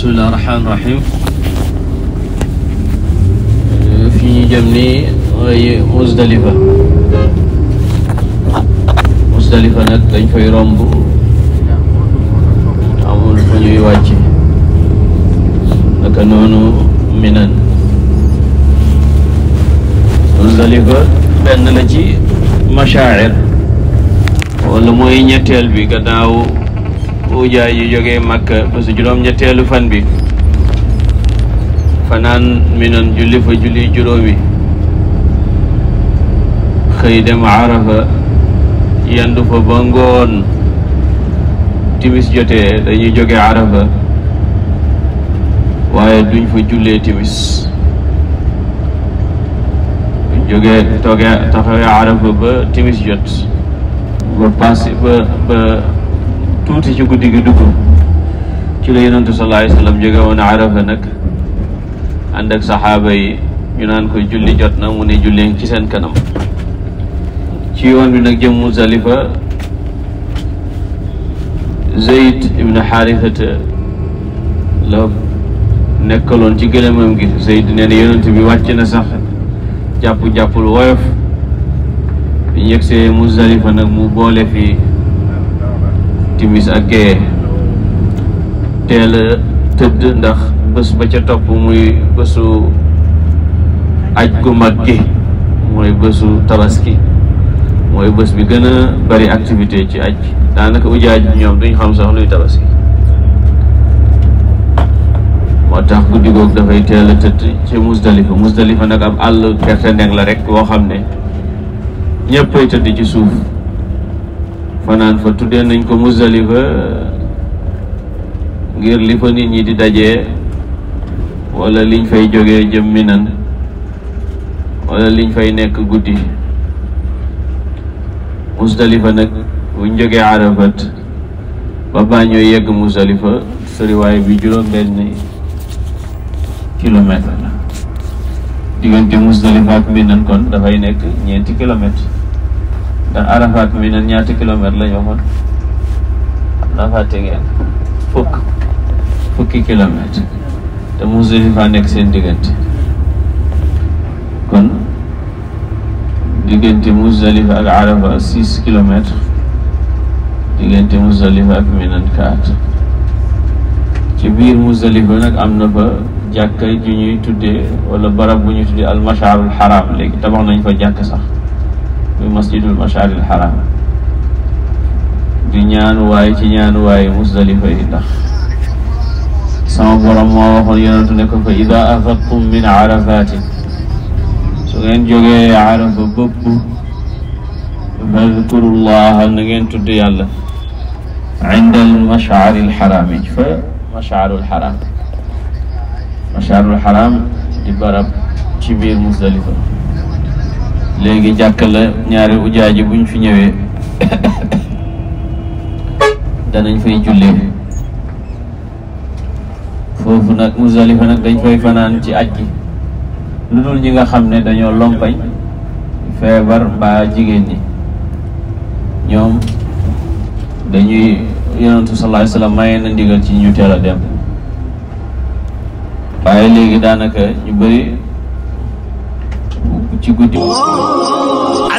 bismillah rahmaan rahim euh, fi ñu jëm ni mooy musdalifa musdalifa nag dañ fay romb amul fu ñuy wàcc naka noonu minan musdalifa benn la ci mashaa'ir wala mooy ñetteel bi gannaaw ujaay yi jógee Makka ba su juróom-ñetteelu fan bi fanaan minan julli fa julli juróomi xëy dem Arafa yendu fa ba ngoon timis jotee dañuy jóge Arafa waaye duñ fa jullee timis jógee toogee taxawee Arafa ba timis jot ba passé ba ba tuuti ci guddi gi dugg ci la yonentu sallallahu alayhi wa sallam jóge Arafa nag ànd ak saxaaba yi ñu naan ko julli jot na mu ne julli ci seen kanam ci yoon bi nag jëm Muzdalifa Zeyd ibn Xaarisata la nekkaloon ci gëlëmam gi Zeyd nee na yonent bi wàcc na sax jàpp jàppul woyof bi ñu yegsee Muzdalifa nag mu boole fii timis ak gee teel tëdd ndax bés ba ca topp muy bésu aj gu mag gi mooy bésu tabaski mooy bés bi gën a bari activité ci aj daanaka ujaaj ñoom duñ xam sax luy tabaski moo tax guddi googu dafay teel a tëdd ci musdalifa musdalifa nag am àll gerte ndeng la rek woo xam ne ñëppay tëdd ci suuf fanaan fa tuddee nañ ko Muzdalifa ngir li fa nit ñi di dajee wala liñ fay jóge jëm Minan wala liñ fay nekk guddi Muzdalifa nag buñ jógee Arafat ba bàññoo yegg Muzdalifa soriwaay bi juróom-benn kilomètre la diggante Muzdalifa ak Minan kon dafay nekk ñeenti kilomètre te Arafat mi nan ñaata kilomètre la ñu waxoon xam naa fàtte ngeen fukk fukki kilomètre te Musdalifa nekk seen diggante kon diggante Musdalifa ak Arafa six kilomètres diggante Musdalifa ak Minan quatre ci biir Musdalifa nag am na ba jàkka ju ñuy tuddee wala barab bu ñu tuddee al masharul xaraam léegi tabax nañ fa jàkk sax muy masjidul masharil haram di ñaanuwaay ci ñaanuwaay musdalifa yi ndax sama borom moo waxoon yonentu ne ko fa ida afadtum min arafatin su ngeen jógee arafa bëpp fadkurullaha na ngeen tudd yàlla inda al masharil haram yi fa masharul haram masharul haram di barab ci biir musdalifa léegi jàkk la ñaari ujaaji buñ fi ñëwee danañ fay jullee foofu nag Musdalifa nag dañ fay fanaan ci aj gi lu dul ñi nga xam ne dañoo lompañ feebar mbaa jigéen ñi ñoom dañuy yonentu sallallahu alayhi wasallam maye ndigal ci ñu teel dem waaye léegi daanaka ñu bëri ci guddi